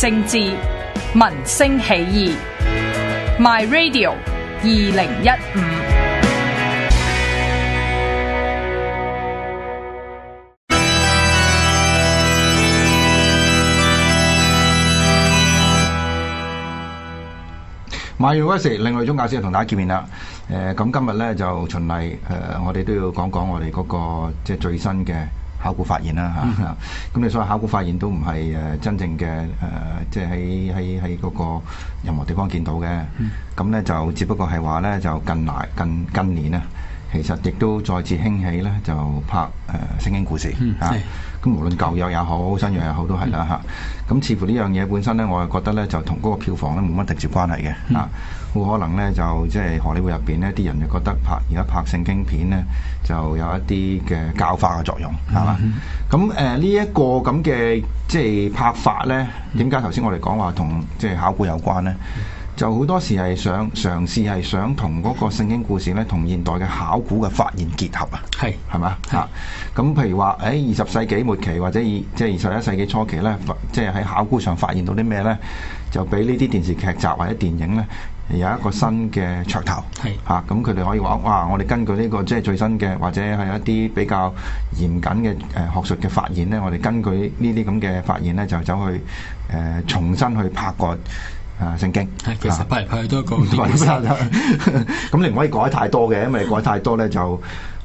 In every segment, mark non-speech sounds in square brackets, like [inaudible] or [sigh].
政治、民生起義，My Radio 二零一五。My University，另類宗教史同大家見面啦。誒，咁今日咧就循例，誒，我哋都要講講我哋嗰個即係最新嘅。考古發現啦嚇，咁、嗯、你、啊、所謂考古發現都唔係誒真正嘅誒，即係喺喺喺嗰個任何地方見到嘅。咁、嗯、咧就只不過係話咧，就近嚟近近年咧，其實亦都再次興起咧，就拍誒、呃《聖經故事》嚇、嗯。咁、啊、無論舊約也好，嗯、新約也好也是，都係啦嚇。咁、啊、似乎呢樣嘢本身咧，我係覺得咧，就同嗰個票房咧冇乜直接關係嘅嚇。嗯啊好可能咧，就即係荷里活入邊呢啲人就覺得拍而家拍聖經片咧，就有一啲嘅教化嘅作用，係嘛？咁誒呢一個咁嘅即係拍法咧，點解頭先我哋講話同即係考古有關咧？Mm-hmm. 就好多時係想嘗試係想同嗰個聖經故事咧，同現代嘅考古嘅發現結合啊，係、mm-hmm. 咪？嘛？咁譬如話，喺二十世紀末期或者二即係二十一世紀初期咧，即係喺考古上發現到啲咩咧？就俾呢啲電視劇集或者電影咧，有一個新嘅噱頭，嚇咁佢哋可以話：哇！我哋根據呢、這個即係最新嘅，或者係一啲比較嚴謹嘅誒、呃、學術嘅發現咧，我哋根據呢啲咁嘅發現咧，就走去誒、呃、重新去拍改啊聖經。係其實、啊、拍嚟拍去都改唔曬啦。咁 [laughs] [laughs] 你唔可以改太多嘅，因為改太多咧就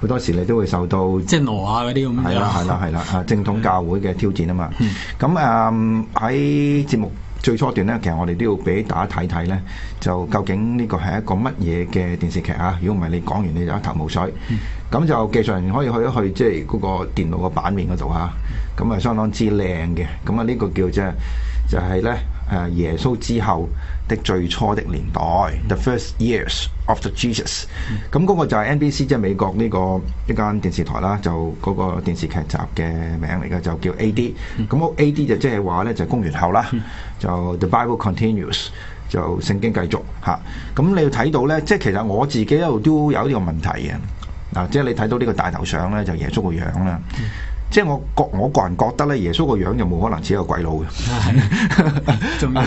好 [laughs] 多時你都會受到即係挪亞嗰啲咁。係啦係啦係啦啊！正統教會嘅挑戰啊嘛。咁啊喺節目。最初段咧，其實我哋都要俾大家睇睇咧，就究竟呢個係一個乜嘢嘅電視劇啊？如果唔係你講完你就一頭霧水。咁、嗯、就技術人員可以去一去即係嗰個電腦個版面嗰度啊，咁啊相當之靚嘅。咁啊呢個叫即係就係、是、咧。誒、啊、耶穌之後的最初的年代、mm-hmm.，the first years of the Jesus、mm-hmm. 嗯。咁、那、嗰個就係 NBC，即係美國呢、這個一間電視台啦，就嗰個電視劇集嘅名嚟嘅，就叫 AD、mm-hmm. 嗯。咁 AD 就即係話呢就是、公元後啦，mm-hmm. 就 The Bible Continues，就聖經繼續嚇。咁、啊、你要睇到呢，即係其實我自己一路都有呢個問題嘅嗱、啊，即係你睇到呢個大頭相呢，就耶穌個樣啦。Mm-hmm. 即係我覺我個人覺得咧，耶穌個樣就冇可能似一個鬼佬嘅。係，仲要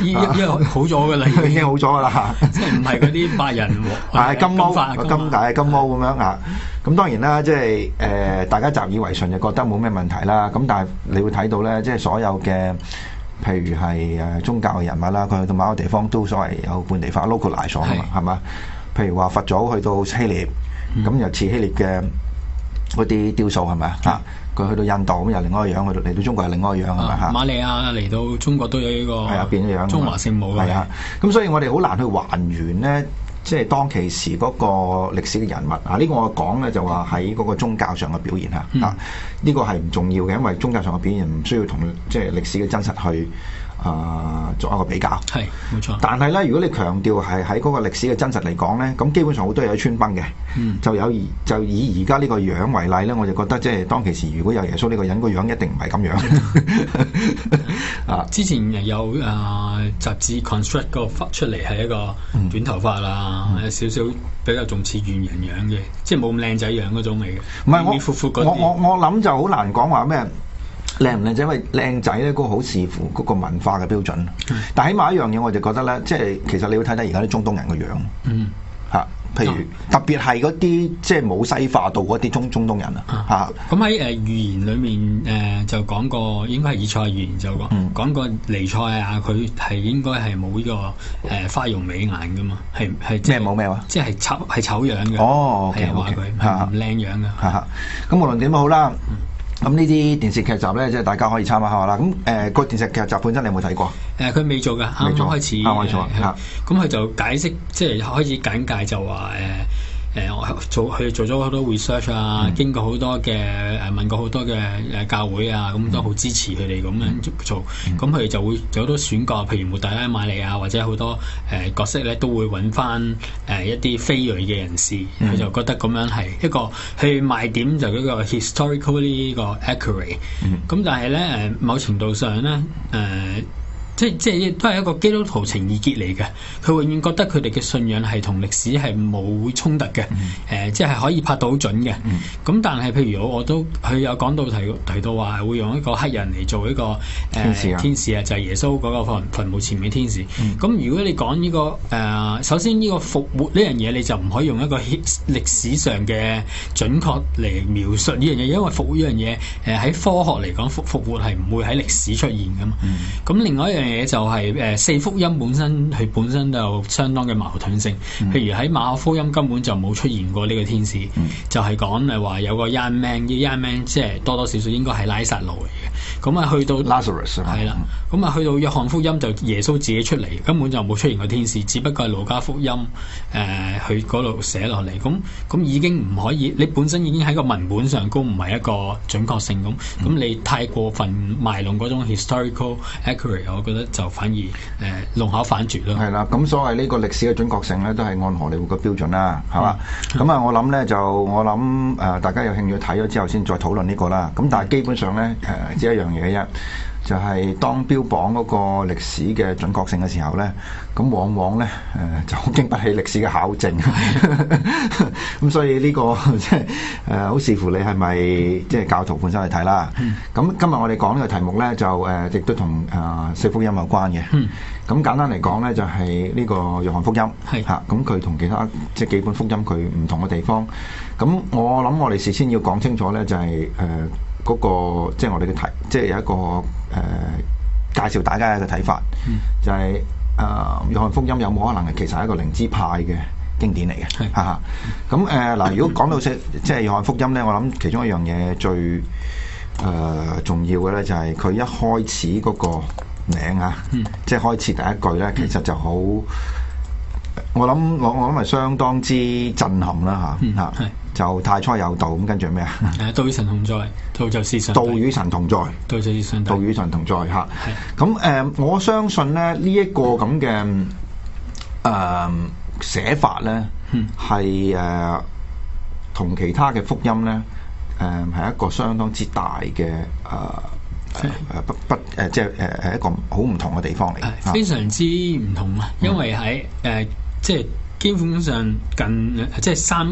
依依個好咗嘅啦，已經好咗噶啦，即係唔係嗰啲白人，係金毛個金帶金毛咁樣啊。咁當然啦，即係誒，大家習以為常，就覺得冇咩問題啦。咁但係你會睇到咧，即係所有嘅，譬如係誒宗教嘅人物啦，佢去到某個地方都所謂有本地化 （localize） 噶嘛，係嘛？譬如話佛祖去到希臘，咁又似希臘嘅。嗰啲雕塑係咪啊？佢去到印度咁又另外一個樣，去嚟到中國又另外一個樣，係咪啊？瑪利亞嚟到中國都有呢個係啊，變咗樣，中華聖母係啊。咁所以我哋好難去還原咧，即係當其時嗰個歷史嘅人物啊。呢個我講咧就話喺嗰個宗教上嘅表現嚇啊。呢個係唔重要嘅，因為宗教上嘅表現唔需要同即係歷史嘅真實去。啊，作一個比較，係冇錯。但係咧，如果你強調係喺嗰個歷史嘅真實嚟講咧，咁基本上好多嘢都穿崩嘅，嗯。就有就以而家呢個樣為例咧，我就覺得即係當其時如果有耶穌呢個人個樣，一定唔係咁樣。啊，之前有啊雜誌 construct 個出嚟係一個短頭髮啦，有少少比較重似猿人樣嘅，嗯，即係冇咁靚仔樣嗰種嚟嘅。唔係我我我諗就好難講話咩？靚唔靚仔？因為靚仔咧，佢好視乎嗰個文化嘅標準。嗯、但起碼一樣嘢，我就覺得咧，即係其實你要睇睇而家啲中東人嘅樣。嗯，吓，譬如、啊、特別係嗰啲即係冇西化到嗰啲中中東人、嗯、啊、吓、嗯。咁喺誒預言裏面、呃、就講過，應該係以賽預言就講、嗯，講過尼賽啊，佢係應該係冇呢個、呃、花容美顏嘅嘛，係係即係冇咩話，即係、就是就是、醜，醜樣嘅。哦，係話佢唔靚樣嘅。咁、啊啊啊啊啊、無論點都好啦。嗯嗯咁呢啲電視劇集咧，即係大家可以參考下啦。咁誒個電視劇集本身你有冇睇過？誒、啊，佢未做嘅，未做開始。啊，未做啊。咁佢、嗯嗯、就解釋，即係開始簡介就話誒。嗯誒，我做佢做咗好多 research 啊，經過好多嘅誒問過好多嘅誒教會啊，咁都好支持佢哋咁樣做。咁、嗯、佢、嗯嗯、就會有好多選角，譬如摩大拉瑪利亞或者好多誒、呃、角色咧，都會揾翻誒一啲非裔嘅人士。佢、嗯、就覺得咁樣係一個去賣點就嗰個 historically 個 accurate。咁但係咧誒，某程度上咧誒。呃即係即係都係一個基督徒情意結嚟嘅，佢永遠覺得佢哋嘅信仰係同歷史係冇衝突嘅，誒、嗯呃、即係可以拍到好準嘅。咁、嗯、但係譬如我我都佢有講到提提到話係會用一個黑人嚟做一個誒、呃、天使啊就係耶穌個墳墳墓前面天使。咁、就是嗯、如果你講呢、呢個誒、呃、首先呢個復活呢樣嘢你就唔可以用一個歷史上嘅準確嚟描述呢樣嘢，因為復活呢樣嘢誒喺科學嚟講復復活係唔會喺歷史出現嘅嘛。咁、嗯、另外一樣。嘢就係、是、誒、呃、四福音本身佢本身就有相當嘅矛盾性，嗯、譬如喺馬可福音根本就冇出現過呢個天使，嗯、就係講誒話有個 young man，呢 young man 即係多多少少應該係拉薩路嚟嘅，咁啊去到，Lazarus 係啦，咁、嗯、啊去到約翰福音就耶穌自己出嚟，根本就冇出現過天使，只不過係路加福音誒佢嗰度寫落嚟，咁、呃、咁已經唔可以，你本身已經喺個文本上高唔係一個準確性，咁咁你太過分賣弄嗰種 historical accuracy，我就反而誒弄巧反拙啦，係啦。咁所謂呢個歷史嘅準確性咧，都係按荷里活嘅標準啦，係嘛？咁、嗯、啊，我諗咧就我諗誒，大家有興趣睇咗之後先再討論呢個啦。咁但係基本上咧誒、呃，只係一樣嘢啫。就係當標榜嗰個歷史嘅準確性嘅時候咧，咁往往咧誒就好經不起歷史嘅考證。咁所以呢個即係誒好視乎你係咪即係教徒本身去睇啦。咁今日我哋講呢個題目咧，就誒亦都同啊四福音有關嘅。咁簡單嚟講咧，就係呢個約翰福音。係嚇，咁佢同其他即係幾本福音佢唔同嘅地方。咁我諗我哋事先要講清楚咧，就係誒。嗰、那個即係我哋嘅睇，即係有一個誒、呃、介紹大家嘅睇法，嗯、就係、是、誒《約、呃、翰福音》有冇可能係其實係一個靈知派嘅經典嚟嘅？嚇、嗯！咁誒嗱，如果講到即係即係《約翰福音》咧，我諗其中一樣嘢最誒、呃、重要嘅咧，就係佢一開始嗰個名啊，即、嗯、係、就是、開始第一句咧，其實就好、嗯，我諗我我諗係相當之震撼啦嚇嚇。嗯啊就太初有道，咁跟住咩啊？誒，道與神同在，道就是神。道與神同在，道就是上帝。道與神同在，嚇、嗯。咁、嗯、誒、呃，我相信咧呢一、這個咁嘅誒寫法咧，係誒同其他嘅福音咧，係、呃、一個相當之大嘅誒、呃嗯、不不即係、呃就是、一個好唔同嘅地方嚟、嗯。非常之唔同啊、嗯！因為喺即係基本上近即係、就是、三。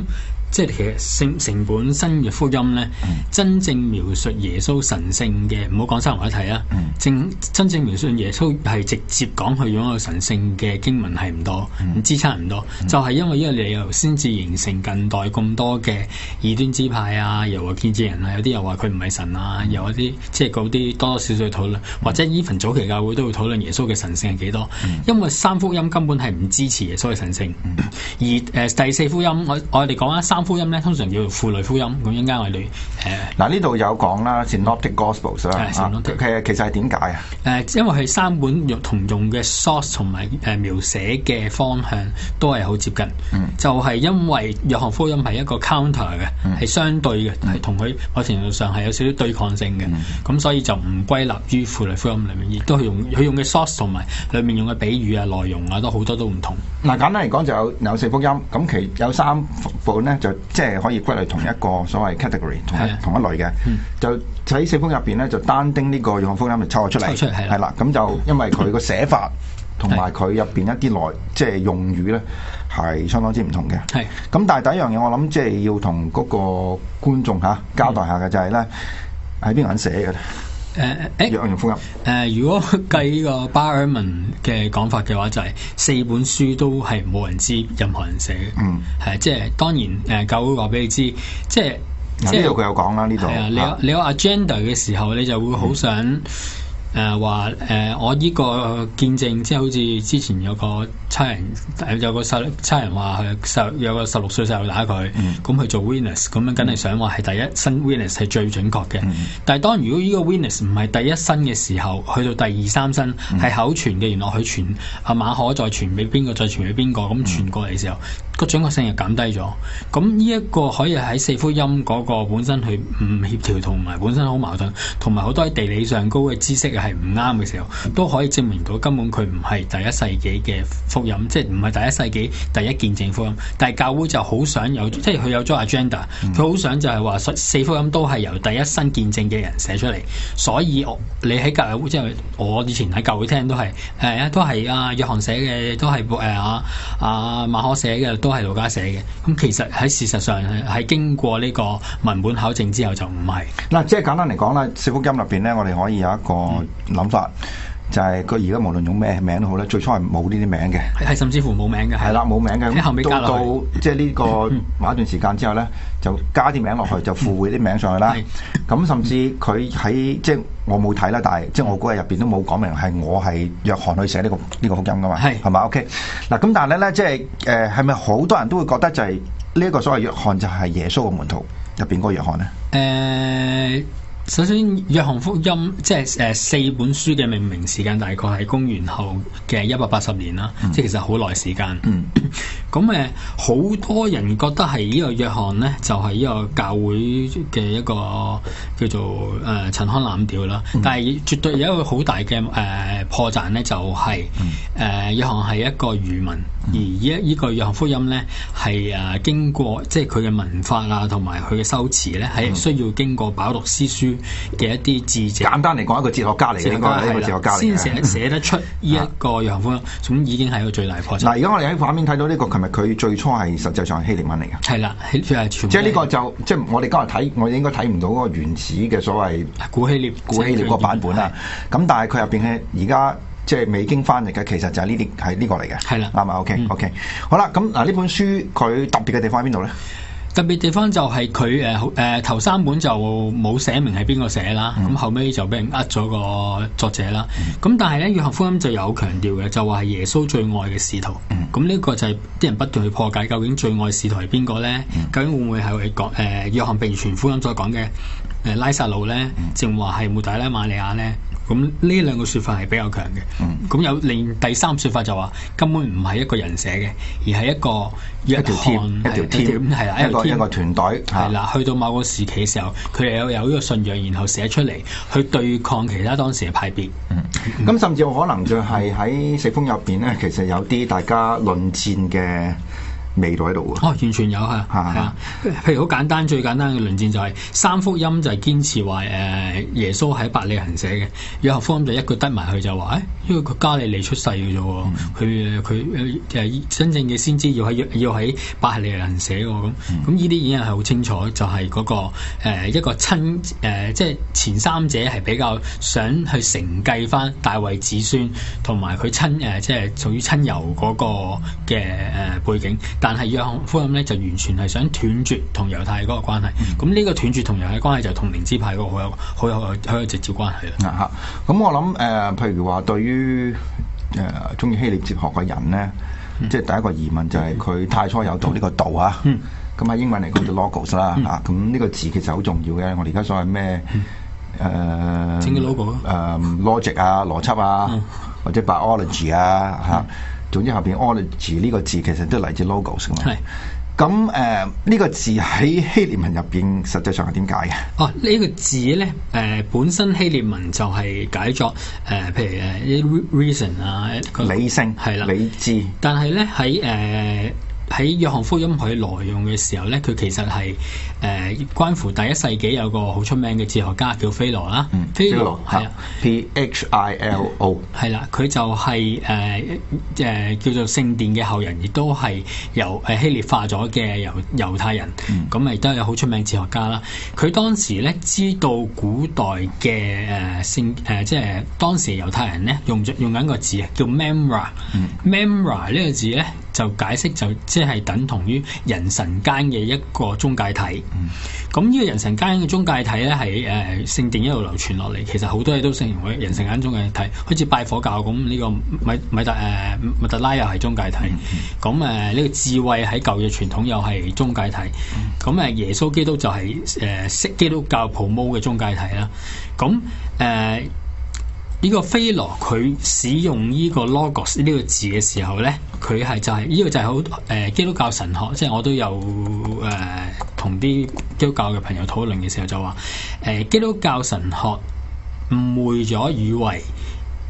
即係其實成成本新約福音咧、嗯，真正描述耶穌神性嘅，唔好講三合一題啊。嗯、正真正描述耶穌係直接講佢擁有神性嘅經文係唔多，唔、嗯、支撐唔多。嗯、就係、是、因為呢個理由，先至形成近代咁多嘅異端支派啊，又話見證人啊，有啲又話佢唔係神啊，有一啲即係嗰啲多多少少討論，或者 even 早期教會都會討論耶穌嘅神性係幾多少、嗯，因為三福音根本係唔支持耶穌嘅神性、嗯。而、呃、第四福音，我我哋講啊三。福音咧，通常叫做符類福音咁樣，啱我哋誒。嗱，呢度有講啦，《Synoptic Gospels、嗯》啊，其實係點解啊？誒、呃，因為係三本用同用嘅 source 同埋誒描寫嘅方向都係好接近，嗯、就係、是、因為約翰福音係一個 counter 嘅，係、嗯、相對嘅，係同佢某程度上係有少少對抗性嘅，咁、嗯、所以就唔歸納於符類福音裡面，亦都係用佢用嘅 source 同埋裡面用嘅比喻啊、內容啊，都好多都唔同。嗱，簡單嚟講，就有，有四福音，咁其有三本咧。就即係可以歸類同一個所謂 category，同一的同一類嘅，嗯，就喺四福入邊咧，就單丁呢個用福音嚟抽咗出嚟，係啦，咁就因為佢個寫法同埋佢入邊一啲內即係用語咧，係相當之唔同嘅。係咁，但係第一樣嘢，我諗即係要同嗰個觀眾嚇、啊、交代一下嘅就係咧，喺邊個寫嘅咧？呃欸呃、如果計呢個 b a r m a n 嘅講法嘅話，就係、是、四本書都係冇人知，任何人寫，嗯，即係當然，誒教會話俾你知，即係即係佢有講啦。呢度係啊，你有、啊、你有 agenda 嘅時候，你就會好想、嗯。誒話誒，我呢個見證，即係好似之前有個差人，有個細差人話佢有個十六歲細路打佢，咁、嗯、去做 witness，咁樣梗係想話係第一身 witness 係最準確嘅、嗯。但係當如果呢個 witness 唔係第一身嘅時候，去到第二三身係、嗯、口傳嘅，原來佢傳阿馬可再傳俾邊個，再傳俾邊個，咁傳過嚟嘅時候。嗯個準確性又減低咗，咁呢一個可以喺四福音嗰個本身佢唔協調，同埋本身好矛盾，同埋好多喺地理上高嘅知識係唔啱嘅時候，都可以證明到根本佢唔係第一世紀嘅福音，即係唔係第一世紀第一見證福音。但係教會就好想有，即係佢有咗 agenda，佢、嗯、好想就係話四福音都係由第一身見證嘅人寫出嚟，所以我你喺教會即係我以前喺教會聽都係都係啊，約翰寫嘅，都係啊，阿、啊啊、馬可寫嘅。都係老家寫嘅，咁其實喺事實上係經過呢個文本考證之後，就唔係。嗱，即係簡單嚟講，啦、嗯，《四福音》入邊咧，我哋可以有一個諗法。就係佢而家無論用咩名都好咧，最初係冇呢啲名嘅，係甚至乎冇名嘅，係啦冇名嘅。咁後尾到即係呢個某一、嗯、段時間之後咧，就加啲名落去，就附會啲名上去啦。咁、嗯、甚至佢喺即係我冇睇啦，但係即係我估日入邊都冇講明係我係約翰去寫呢、個呢、個福音噶嘛，係咪？OK 嗱咁但係咧，即係誒係咪好多人都會覺得就係呢一個所謂約翰就係耶穌嘅門徒入邊嗰個約翰咧？誒、欸。首先，約翰福音即係誒、呃、四本書嘅命名時間大概係公元後嘅一百八十年啦、嗯，即係其實好耐時間。咁誒好多人覺得係呢個約翰咧，就係、是、呢個教會嘅一個叫做誒陳腔濫調啦、嗯。但係絕對有一個好大嘅誒、呃、破綻咧、就是，就係誒約翰係一個漁民，嗯、而依一依個約翰福音咧係誒經過即係佢嘅文化啊，同埋佢嘅修辭咧，係需要經過飽讀詩書。嘅一啲智者，簡單嚟講，一個哲學家嚟嘅，應該係一個哲學家嚟嘅，先寫寫得出依一個約翰福音，咁已經係一個最大破產。嗱，而家我哋喺畫面睇到呢、這個，琴日佢最初係實際上係希臘文嚟嘅，係啦、就是，即係呢個就即係我哋今日睇，我哋應該睇唔到嗰個原始嘅所謂古希列古希臘古希臘個版本啦。咁但係佢入邊咧，而家即係未經翻譯嘅，其實就係呢啲係呢個嚟嘅，係啦，啱啊，OK，OK，好啦，咁嗱呢本書佢特別嘅地方喺邊度咧？特別地方就係佢誒誒頭三本就冇寫明係邊個寫啦，咁、嗯、後尾就俾人呃咗個作者啦。咁、嗯、但係咧，約翰福音就有強調嘅，就話係耶穌最愛嘅使徒。咁、嗯、呢個就係啲人不斷去破解究竟最愛使徒係邊個咧？究竟會唔會係講誒約翰並傳福音所講嘅誒拉撒路咧？正話係穆大拉瑪利亞咧？咁呢兩個說法係比較強嘅。咁有另第三說法就話根本唔係一個人寫嘅，而係一個一條 team 一條 team 係啦，一個一個團隊係啦。去到某個時期嘅時候，佢哋有有呢個信仰，然後寫出嚟去對抗其他當時嘅派別。咁、嗯嗯嗯、甚至可能就係喺四福音入面咧，其實有啲大家論戰嘅。未在喺度哦，完全有嚇嚇。譬如好簡單，最簡單嘅論戰就係、是、三福音就係堅持話耶穌喺伯利恆寫嘅，約翰福音就一句得埋去就話、哎，因為佢加利利出世嘅啫喎。佢、嗯、佢真正嘅先知要喺要喺伯利恆寫喎。咁咁呢啲已經係好清楚，就係、是、嗰、那個、呃、一個親即係、呃就是、前三者係比較想去承繼翻大衛子孫，同埋佢親即係、呃就是、屬於親友嗰個嘅、呃、背景。但係約翰福音咧就完全係想斷絕同猶太嗰個關係，咁、嗯、呢個斷絕同猶太的關係就同靈知派嗰個好有好有好有，有直接關係啦。啊，咁我諗誒、呃，譬如話對於誒中意希臘哲學嘅人咧、嗯，即係第一個疑問就係佢太初有道呢個道啊？咁喺英文嚟講就 logos 啦。啊，咁呢、啊嗯啊、個字其實好重要嘅。我哋而家所係咩誒？整、嗯呃、logo 啊、呃、logic 啊，邏輯啊，嗯、或者 biology 啊，嚇、嗯。啊總之，後邊 ology 呢個字其實都嚟自 logos 咁啊。係，咁誒呢個字喺希臘文入邊實際上係點解嘅？哦，呢、這個字咧誒、呃、本身希臘文就係解作誒、呃，譬如誒 reason 啊，理性係啦，理智。但係咧喺誒。喺約翰福音佢來用嘅時候咧，佢其實係誒、呃、關乎第一世紀有個好出名嘅哲學家叫菲羅啦。嗯。菲羅係啊 P H I L O 係啦，佢、啊、就係誒誒叫做聖殿嘅後人，亦都係由誒希臘化咗嘅猶猶太人。嗯。咁咪都有好出名的哲學家啦。佢當時咧知道古代嘅誒聖誒，即、呃、係、呃就是、當時猶太人咧用著用緊個字啊，叫 memra。嗯。memra 呢個字咧。就解釋就即係等同於人神間嘅一個中介體。咁、嗯、呢個人神間嘅中介體咧，係、呃、誒聖殿一路流傳落嚟。其實好多嘢都形容為人神間中介體，好似拜火教咁呢、呢個米米特誒、啊、米特拉又係中介體。咁誒呢個智慧喺舊嘅傳統又係中介體。咁、嗯、誒耶穌基督就係、識、誒、啊、基督教 promote 嘅中介體啦。咁誒。啊呢、這個菲羅佢使用呢個 logos 呢個字嘅時候咧，佢係就係、是、呢、這個就係好誒基督教神學，即係我都有誒同啲基督教嘅朋友討論嘅時候就話誒、呃、基督教神學誤，誤會咗以為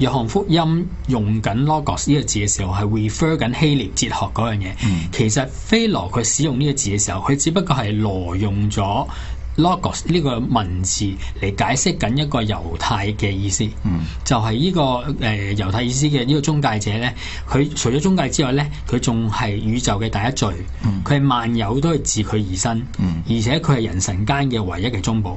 約翰福音用緊 logos 呢個字嘅時候係 refer 緊希臘哲學嗰樣嘢、嗯，其實菲羅佢使用呢個字嘅時候，佢只不過係挪用咗。Logos 呢個文字嚟解釋緊一個猶太嘅意思，嗯，就係、是、呢、這個誒猶、呃、太意思嘅呢個中介者咧，佢除咗中介之外咧，佢仲係宇宙嘅第一罪，佢、嗯、係萬有都係自佢而生、嗯，而且佢係人神間嘅唯一嘅中保。咁、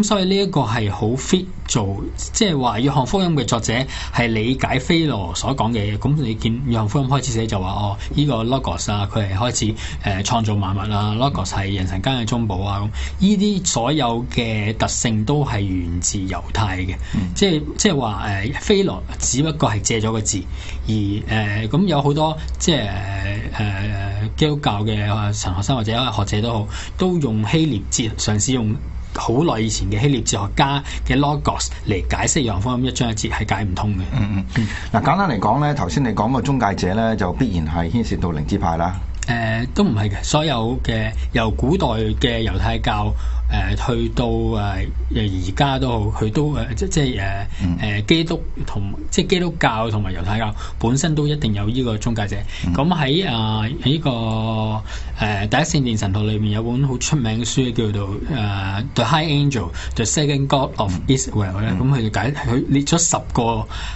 嗯、所以呢一個係好 fit 做，即係話約翰福音嘅作者係理解菲羅所講嘅嘢。咁你見約翰福音開始寫就話哦，呢、這個 Logos 啊，佢係開始誒、呃、創造萬物啦、啊嗯、，Logos 係人神間嘅中保啊，咁呢啲。啲所有嘅特性都係源自猶太嘅，嗯，即係即係話誒，菲羅只不過係借咗個字，而誒咁，呃、有好多即係誒、呃、基督教嘅神學生或者學者都好，都用希臘字嘗試用好耐以前嘅希臘哲學家嘅 logos 嚟解釋約翰咁一章一節係解唔通嘅。嗯嗯，嗱簡單嚟講咧，頭先你講個中介者咧，就必然係牽涉到靈知派啦。誒、呃，都唔係嘅，所有嘅由古代嘅猶太教。誒、呃、去到誒誒而家都好，佢都誒、呃、即即係誒誒基督同即係基督教同埋猶太教本身都一定有呢個中介者。咁喺啊呢個誒、呃、第一聖殿神託裏面有本好出名嘅書叫做誒、呃、The High Angel The Second God of Israel 咧、嗯。咁、嗯、佢、嗯、就解佢列咗十個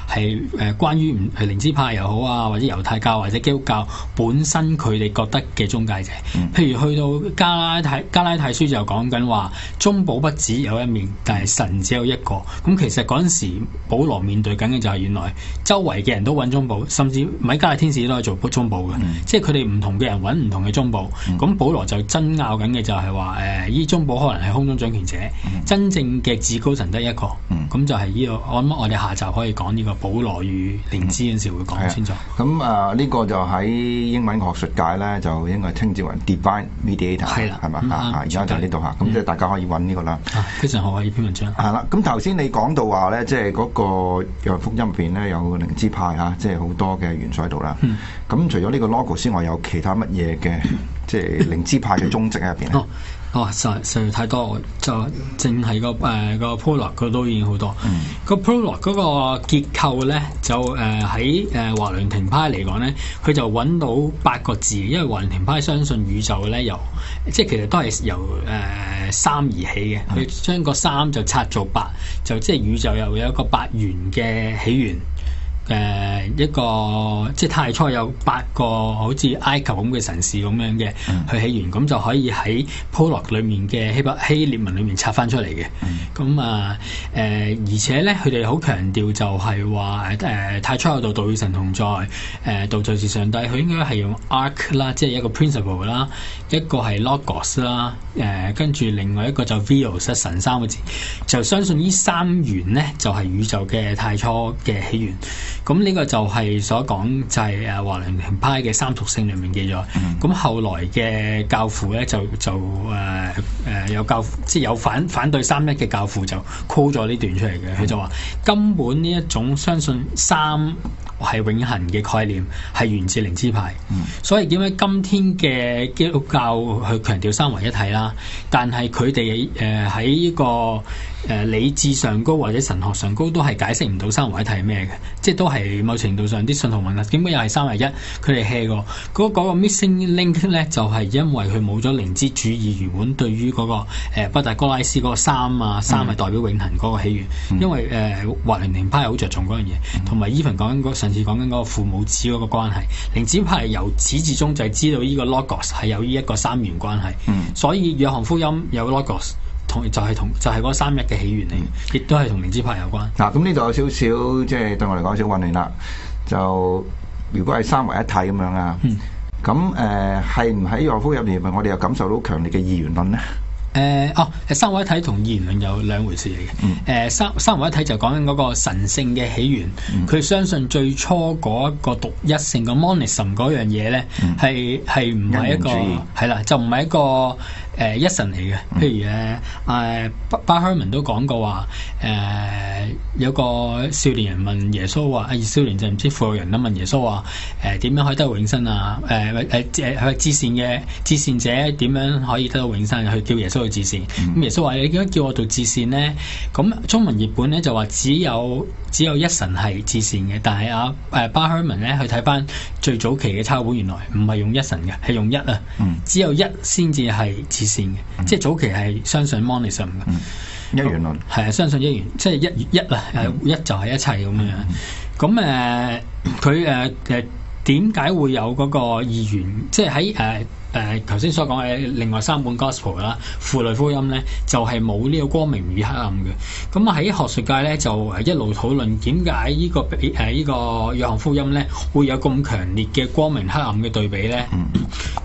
係誒關於唔係靈知派又好啊，或者猶太教或者基督教本身佢哋覺得嘅中介者、嗯。譬如去到加拉太加拉太書就講緊話。中保不止有一面，但係神只有一個。咁其實嗰陣時保羅面對緊嘅就係原來周圍嘅人都揾中保，甚至米迦嘅天使都係做中保嘅、嗯，即係佢哋唔同嘅人揾唔同嘅中保。咁保羅就爭拗緊嘅就係話誒，呢、呃、中保可能係空中掌權者，嗯、真正嘅至高神得一個。咁、嗯、就係呢、這個，我諗我哋下集可以講呢個保羅與靈知。嗰陣時候會講清楚。咁啊呢個就喺英文學術界咧就應該稱之為 Divine Mediator 係啦，係嘛啊而家就呢度吓，咁大家可以揾呢個啦，非常好啊！呢篇文章係啦，咁頭先你講到話咧，即係嗰個約翰福音入邊咧有靈知派即係好多嘅元素喺度啦。咁、嗯、除咗呢個 logo 之外，有其他乜嘢嘅即係靈知派嘅蹤跡喺入邊咧？哦哦，實實在太多，就正係、那個誒、呃那個 Prologue 佢都已經好多。個 Prologue 嗰個結構咧，就誒喺誒華倫廷派嚟講咧，佢就揾到八個字，因為華倫廷派相信宇宙咧由，即係其實都係由誒、呃、三而起嘅，佢、嗯、將個三就拆做八，就即係宇宙又有一個八元嘅起源。誒、呃、一個即係太初有八個好似埃及咁嘅神士咁樣嘅，嗯，去起源咁就可以喺 Polo 裏面嘅希伯希列文裏面拆翻出嚟嘅。咁、嗯、啊、嗯呃、而且咧佢哋好強調就係話、呃、太初有道，道、呃，道與神同在，誒道在是上帝。佢應該係用 Ark 啦，即係一個 Principle 啦，一個係 Logos 啦，跟、呃、住另外一個就 Vios 神三個字，就相信呢三元咧就係、是、宇宙嘅太初嘅起源。咁呢個就係所講就係誒華倫派嘅三屬性裡面記咗。咁、嗯、後來嘅教父咧就就誒、呃、有教即、就是、有反反對三一嘅教父就 call 咗呢段出嚟嘅。佢、嗯、就話根本呢一種相信三係永恆嘅概念係源自靈知派。嗯、所以點解今天嘅基督教去強調三位一體啦？但係佢哋喺呢個。誒理智上高或者神學上高都係解釋唔到三位體係咩嘅？即係都係某程度上啲信徒問啦，點解又係三位一？佢哋 hea 過嗰個 missing link 咧，就係，是、因為佢冇咗靈知主義原本對於嗰，那個、呃、畢達哥拉斯嗰個三啊，三係代表永恆嗰個起源，嗯，因為誒華倫丁派好着重嗰樣嘢，同埋伊凡講緊嗰上次講緊嗰個父母子嗰個關係，靈知派由始至終就係知道呢個 logos 係有呢一個三元關係，嗯，所以《約翰福音》有 logos。同就係、是、同就係、是、嗰三日嘅起源嚟，亦、嗯、都係同靈知派有關。嗱、啊，咁呢度有少少即係、就是、對我嚟講少混亂啦。就如果係三位一體咁樣啊，咁誒係唔喺羅夫入面，咪我哋又感受到強烈嘅意願論咧。誒、呃、哦、啊，三位一體同意願論有兩回事嚟嘅。誒、嗯、三三位一體就講緊嗰個神性嘅起源，佢、嗯、相信最初嗰一個獨一性嘅、那個、monism 嗰樣嘢咧，係係唔係一個係啦，就唔係一個。誒、呃、一神嚟嘅，譬如咧，誒、啊、巴巴開文都講過話，誒、呃、有個少年人問耶穌話，啊少年人就唔知富有人啦，問耶穌話，誒、呃、點樣可以得到永生啊？誒誒誒係咪至善嘅至善者點樣可以得到永生？去叫耶穌去至善。咁、嗯、耶穌話你點樣叫我做至善呢？咁中文譯本咧就話只有只有一神係至善嘅，但係啊誒巴開文咧去睇翻最早期嘅抄本，原來唔係用一神嘅，係用一啊，嗯、只有一先至係。先嘅，即係早期係相信 monism 嘅一元論，係啊相信一元，嗯、即係一一啊，誒一就係一，一切咁樣。咁、嗯、誒，佢誒誒，點、呃、解、呃、會有嗰個二元？即係喺誒。呃誒頭先所講嘅另外三本 Gospel 啦，符類福音咧，就係冇呢個光明與黑暗嘅。咁啊喺學術界咧就一路討論點解呢個誒呢個約翰福音咧會有咁強烈嘅光明黑暗嘅對比咧？嗯。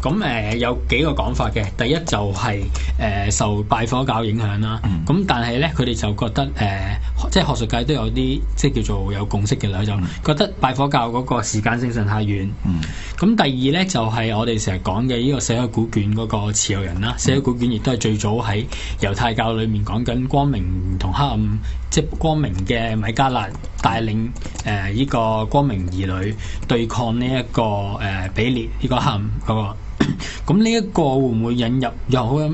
咁、嗯、誒、嗯、有幾個講法嘅，第一就係、是、誒、呃、受拜火教影響啦。嗯。咁但係咧佢哋就覺得誒、呃、即係學術界都有啲即係叫做有共識嘅啦，就覺得拜火教個時間線太遠。嗯。咁、嗯、第二咧就係、是、我哋成日講嘅呢個。《死海古卷》嗰個持有人啦，《死海古卷》亦都係最早喺猶太教裡面講緊光明同黑暗，即係光明嘅米迦勒帶領誒依、呃呢個光明兒女對抗呢一個誒彼列依個黑暗嗰個。咁呢一個會唔會引入有啊？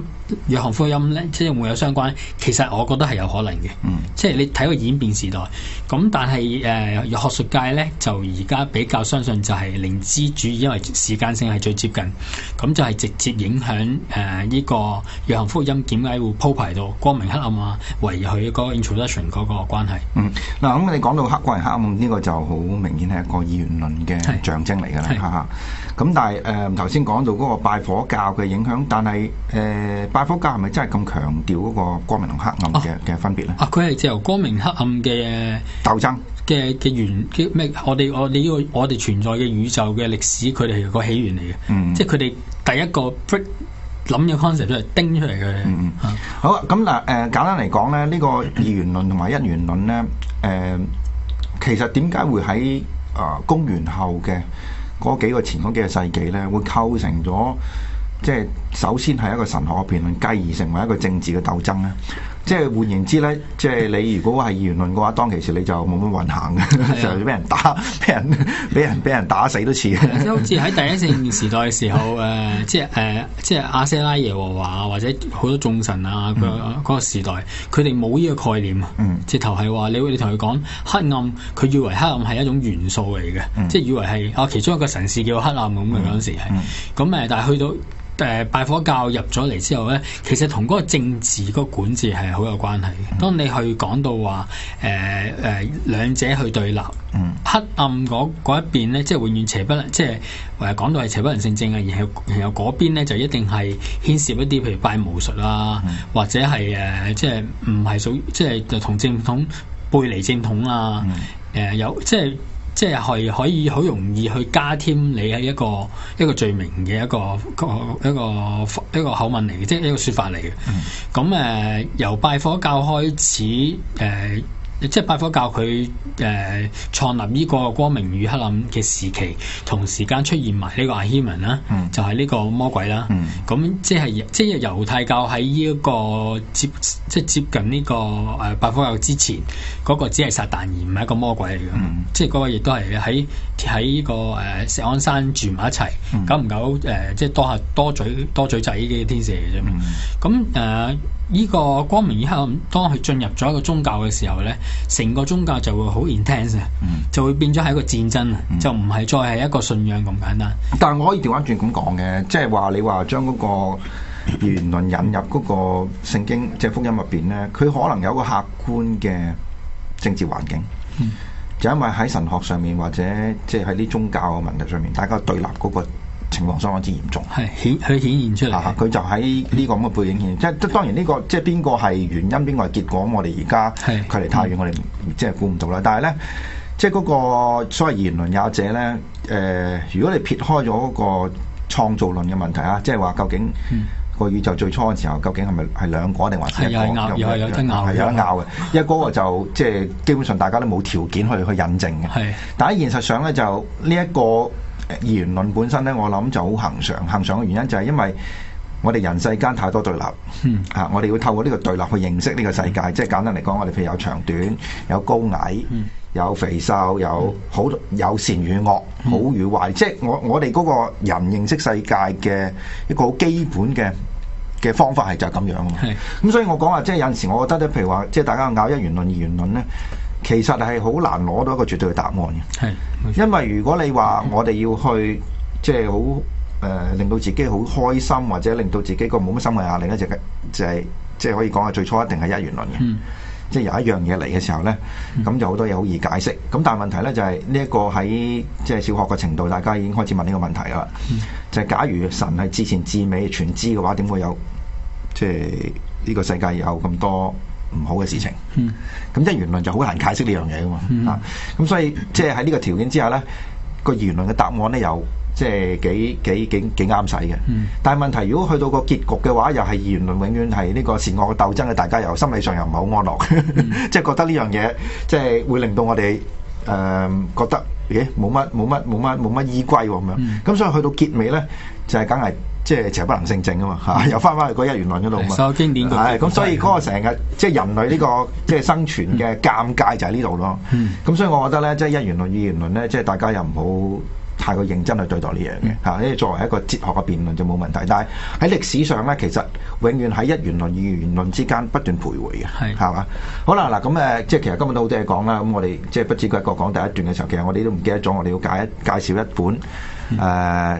約翰福音咧，即係會有相關，其實我覺得係有可能嘅。嗯，即係你睇個演變時代。咁但係誒、呃，學術界咧就而家比較相信就係靈知主義，因為時間性係最接近。咁就係直接影響誒呢個約翰福音，點解會鋪排到光明黑暗啊？圍繞佢嗰個 introduction 嗰個關係。嗯，嗱，咁你講到黑光明黑暗呢，這個就好明顯係一個二元論嘅象徵嚟噶啦，吓吓。咁但係誒頭先講到嗰個拜火教嘅影響，但係誒、呃佛家係咪真係咁強調嗰個光明同黑暗嘅嘅分別咧？啊，佢係借由光明黑暗嘅鬥爭嘅嘅源咩？我哋我哋呢個我哋存在嘅宇宙嘅歷史，佢哋係個起源嚟嘅、嗯。即係佢哋第一個 b 諗嘅 concept 都係叮出嚟嘅。嗯，好啊，咁嗱誒簡單嚟講咧，呢、呢個二元論同埋一元論咧誒、呃，其實點解會喺啊、呃、公元後嘅嗰幾個前嗰幾個世紀咧，會構成咗？即係首先係一個神學嘅辯論，繼而成為一個政治嘅鬥爭咧。即係換言之咧，即係你如果係二元論嘅話， [laughs] 當其時你就冇乜運行嘅，就係俾人打，俾 [laughs] 人俾人俾人打死都似嘅。 [laughs] 即係喺第一聖時代嘅時候，誒、 [laughs] 呃，即係誒、呃，即係亞西拉耶和華或者好多眾神啊，嗰、嗯、嗰、嗰個時代，佢哋冇呢個概念啊，嗯、直頭係話你你同佢講黑暗，佢以為黑暗係一種元素嚟嘅、嗯，即係以為係啊其中一個神係叫黑暗咁嘅嗰陣時，咁、嗯、誒、嗯，但係去到誒、呃、拜火教入咗嚟之後咧，其實同嗰個政治嗰個管治係。好有關係，當你去講到話，呃呃、兩者去對立，嗯、黑暗嗰一邊咧，即係永遠邪不能即係講到係邪不能勝正嘅，然後然後嗰邊咧就一定係牽涉一啲譬如拜巫術啊，嗯、或者係誒、呃、即唔係屬即係就同正統背離正統啊，嗯呃、有即係即係可以好容易去加添你係一個一個罪名嘅一個一個一個,一個口吻嚟嘅，即係一個說法嚟嘅。咁、嗯、誒、呃，由拜火教開始誒。呃即係拜火教佢誒、呃、創立呢個光明與黑暗嘅時期同時間出現埋呢個亞希人啦，就係、是、呢個魔鬼啦。咁、嗯、即係即係猶太教喺呢一個接即係接近呢、這個誒、呃、拜火教之前，嗰、那個只係撒旦而唔係一個魔鬼嚟嘅、嗯，即係嗰個亦都係喺喺呢個誒、呃、石安山住埋一齊，久唔久誒即係多下多嘴多嘴仔嘅天使嚟嘅啫。咁、嗯、誒。呢、這個光明以後當佢進入咗一個宗教嘅時候咧，成個宗教就會好 intense 啊，就會變咗係一個戰爭啊，就唔係再係一個信仰咁簡單。嗯嗯嗯、但係我可以調翻轉咁講嘅，即係話你話將嗰個言論引入嗰個聖經，嗯、即係福音入邊咧，佢可能有一個客觀嘅政治環境，嗯、就因為喺神學上面或者即係喺啲宗教嘅問題上面，大家對立嗰、那個。情況相當之嚴重，係顯佢顯現出嚟，佢就喺呢個咁嘅背景顯現。即、嗯、係當然呢、呢個即係邊個係原因，邊個係結果，我哋而家距離太遠，是我哋即係估唔到啦、嗯。但係咧，即係嗰個所謂言論也者咧，誒、呃，如果你撇開咗嗰個創造論嘅問題啊，即係話究竟個宇宙最初嘅時候究竟係咪係兩個定還是一個？有拗，有拗，有拗嘅，有得拗嘅，因為嗰個就即係基本上大家都冇條件去去引證嘅。係，但係現實上咧就呢、呢、一個。言論本身咧，我諗就好恒常，恒常嘅原因就係因為我哋人世間太多對立，嗯啊、我哋要透過呢個對立去認識呢個世界。嗯、即係簡單嚟講，我哋譬如有長短、有高矮、嗯、有肥瘦、有好有善與惡、好與壞、嗯。即係我我哋嗰個人認識世界嘅一個好基本嘅嘅方法係就係咁樣咁、嗯、所以我講話即係有陣時，我覺得咧，譬如話即係大家咬一元論、二元論咧。其實係好難攞到一個絕對嘅答案嘅，因為如果你話我哋要去即係好誒令到自己好開心，或者令到自己個冇乜心理壓力咧，就係即係可以講係最初一定係一元論嘅，嗯、即係有一樣嘢嚟嘅時候咧，咁、嗯、就好多嘢好易解釋。咁但係問題咧就係呢一個喺即係小學嘅程度，大家已經開始問呢個問題啦。嗯、就係假如神係之前至美全知嘅話，點會有即係呢個世界有咁多？唔好嘅事情，咁、嗯、即係言論就好難解釋呢樣嘢噶嘛，咁、嗯啊、所以即係喺呢個條件之下咧，個言論嘅答案咧又即係幾幾幾幾啱使嘅。但係問題如果去到個結局嘅話，又係言論永遠係呢個善惡嘅鬥爭嘅，大家又心理上又唔係好安樂，嗯、 [laughs] 即係覺得呢樣嘢即係會令到我哋誒、呃、覺得，咦冇乜冇乜冇乜冇乜依歸喎咁樣。咁、嗯、所以去到結尾咧，就係梗係。即、就、係、是、邪不能勝正啊嘛，嚇又翻返去嗰一元論嗰度嘛，所有經典嗰啲，咁所以嗰個成日即係人類呢、這個即係、就是、生存嘅尷尬就喺呢度咯。咁、嗯、所以我覺得咧，即、就、係、是、一元論二元論咧，即、就、係、是、大家又唔好太過認真去對待呢樣嘢。嚇、嗯。因為作為一個哲學嘅辯論就冇問題，但係喺歷史上咧，其實永遠喺一元論二元論之間不斷徘徊嘅，係嘛？好啦，嗱咁誒，即係其實今日都好多嘢講啦。咁我哋即係不只一位講第一段嘅時候，其實我哋都唔記得咗，我哋要介介紹一本誒。嗯呃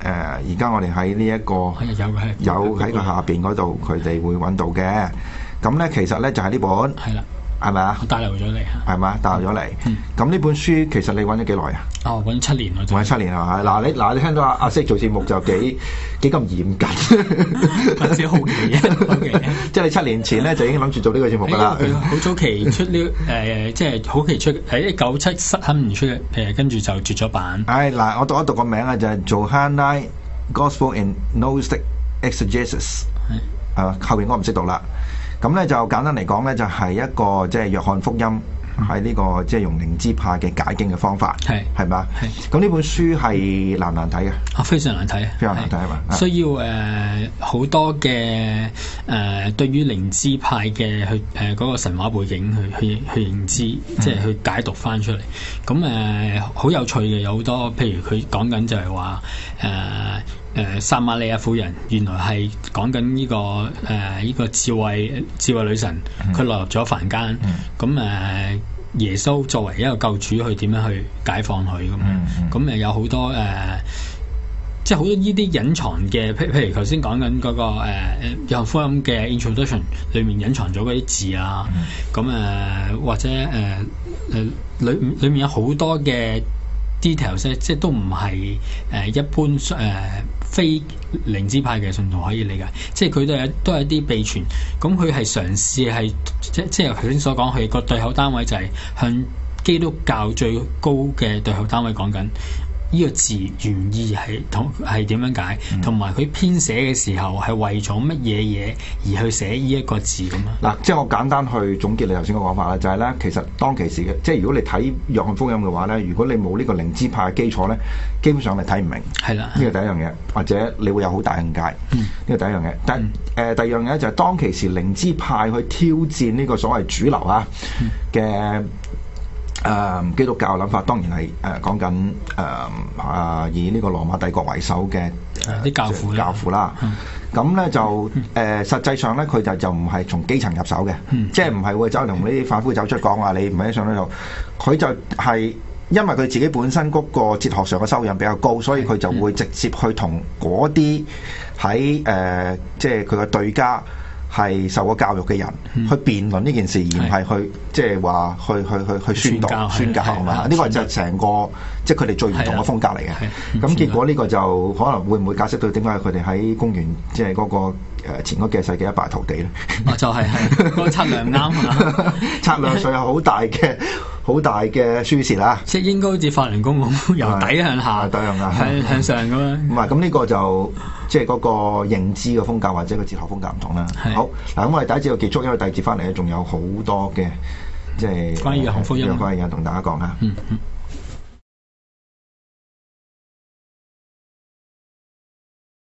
誒、呃，而家我哋喺、這個、呢一個有喺個下邊嗰度，佢哋會揾到嘅。咁咧，其實咧就係、是、呢本。係咪啊？帶留咗嚟啊！係咪啊？帶嚟咗嚟。咁呢本書其實你揾咗幾耐啊？哦，揾七年咯。揾七年、嗯、啊！嗱，你、啊、嗱，你聽到阿阿 Zeke 做節目就幾咁 [laughs] 嚴謹，或 [laughs] [laughs] 好奇啊？好、okay、奇。即 [laughs] 係七年前咧，就已經諗住做呢個節目噶啦、哎。好早期出呢誒、 [laughs] 呃，即係好期出喺、哎、九七失肯唔出誒，跟住就絕咗版。係、哎、嗱、啊，我我讀,讀個名啊，就係做 Johannine Gospel in Gnostic Exegesis 係、哎、啊，後面我唔識讀啦。咁咧就簡單嚟講咧，就係一個即係約翰福音喺呢、嗯、個即係用靈知派嘅解經嘅方法，係係嘛？係。咁呢本書係難唔難睇嘅？啊，非常難睇，非常難睇咪？需要誒好、呃、多嘅誒、呃，對於靈知派嘅去嗰、呃那個神話背景去去去認知，嗯、即係去解讀返出嚟。咁誒好有趣嘅，有好多譬如佢講緊就係話誒。呃誒撒瑪利亞婦人原來係講緊呢個誒呢、呃、個智慧智慧女神，佢、mm-hmm. 落入咗凡間。咁、mm-hmm. 誒、嗯、耶穌作為一個救主，去點樣去解放佢咁？咁、mm-hmm. 嗯、有好多誒、呃，即係好多呢啲隱藏嘅，譬譬如頭先講緊嗰個誒誒福音嘅 introduction 裏面隱藏咗嗰啲字啊。咁、mm-hmm. 誒、嗯嗯、或者誒誒裏裏面有好多嘅 detail 咧，即係都唔係誒一般誒。呃非靈知派嘅信徒可以理解，即係佢都係都係一啲秘傳。咁佢係嘗試係即即係頭先所講佢個對口單位就係向基督教最高嘅對口單位講緊。呢、這個字原意係同係點樣解？同埋佢編寫嘅時候係為咗乜嘢嘢而去寫呢一個字咁啊？嗱、嗯，即係我簡單去總結你頭先個講法啦，就係、是、咧，其實當其時嘅，即係如果你睇《約翰福音》嘅話咧，如果你冇呢個靈知派嘅基礎咧，基本上你睇唔明，係啦。呢個第一樣嘢，或者你會有好大境界。嗯，呢個第一樣嘢。但係、呃、第二樣嘢就係當其時靈知派去挑戰呢個所謂主流啊嘅。嗯誒、嗯、基督教嘅諗法當然係誒、呃、講緊誒啊、呃、以呢個羅馬帝國為首嘅啲、啊、教父教父啦。咁、嗯、咧就誒、嗯嗯呃、實際上咧，佢就就唔係從基層入手嘅、嗯，即係唔係會走同呢啲凡夫走卒講話、嗯啊、你唔係上呢度。佢就係、是、因為佢自己本身嗰個哲學上嘅收入比較高，所以佢就會直接去同嗰啲喺誒即係佢嘅對家。係受過教育嘅人、嗯、去辯論呢件事，而唔係去即係話去去去去宣導宣教係嘛？呢個就係成個即係佢哋最唔同嘅風格嚟嘅。咁結果呢個就可能會唔會解釋到點解佢哋喺公園即係嗰個？誒，前幾個世紀一敗塗地咧、 [laughs] 啊，就係、是、係、那個測量唔啱， [laughs] 測量上有好大嘅好 [laughs] 大嘅輸蝕啦。即係應該好似法輪功由底向下，向 [laughs] 下向上咁啊？唔係咁，呢個就即係嗰個認知嘅風格或者個哲學風格唔同啦。 [laughs] 好嗱，咁我哋第一節就結束，因為第二節翻嚟咧，仲有好多嘅即係關於約翰福音、啊，有同大家講下。嗯嗯。